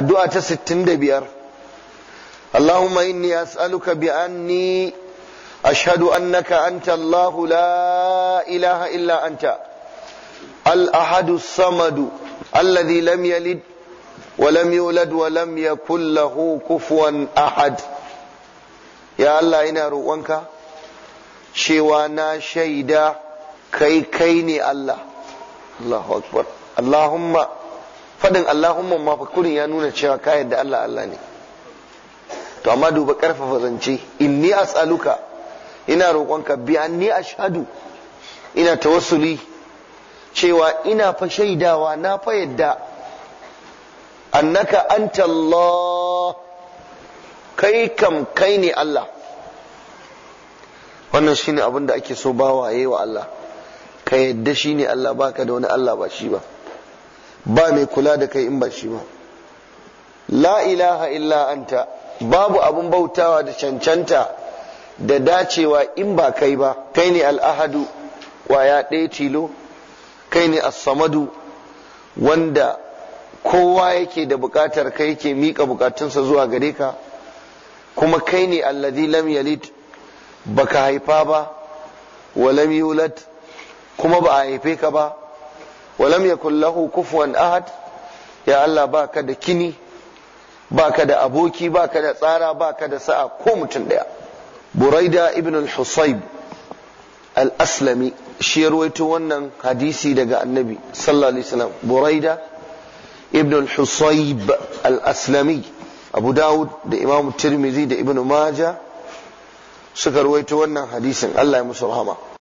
addu'a ta 65 Allahumma inni as'aluka bi anni ashhadu annaka anta Allah la ilaha illa anta al-ahadu samadu alladhi lam yalid wa lam yulad wa lam yakul lahu kufuwan ahad ya Allah ina roƙonka cewa na shaida kai kai ne Allah Allahu akbar Allahumma faɗin Allahumma ma fakurin ya nuna cewa ka yadda Allah Allah ne to amma duba karfafa zance inni as'aluka ina roƙonka bi anni ashhadu ina tawassuli cewa ina fa shaidawa na fa yadda annaka anta Allah kai kam kai ne Allah wannan shine abin da ake so bawa yayi wa Allah ka yadda shine Allah baka da wani Allah ba shi ba ba mai kula da kai in ba shi ba la ilaha illa anta babu abun bautawa da cancanta da dacewa in ba kai ba kai ne al'ahadu waya ɗaya tilo kai ne as-samadu wanda kowa yake da bukatar kai yake miƙa bukatunsa zuwa gare ka kuma kai ne alladhi lam yalid baka haifa ba wa lam yulad kuma ba a haife ka ba walam yakul lahu kufuwan ahad ya Allah baka da kini baka da aboki baka da tsara baka da sa'a ko mutum daya buraida ibn al-husayb al-aslami shi ruwaito wannan hadisi daga annabi sallallahu alaihi wasallam buraida ibn al-husayb al-aslami abu dawud da imam tirmidhi da ibn majah suka ruwaito wannan hadisin Allah ya musu rahama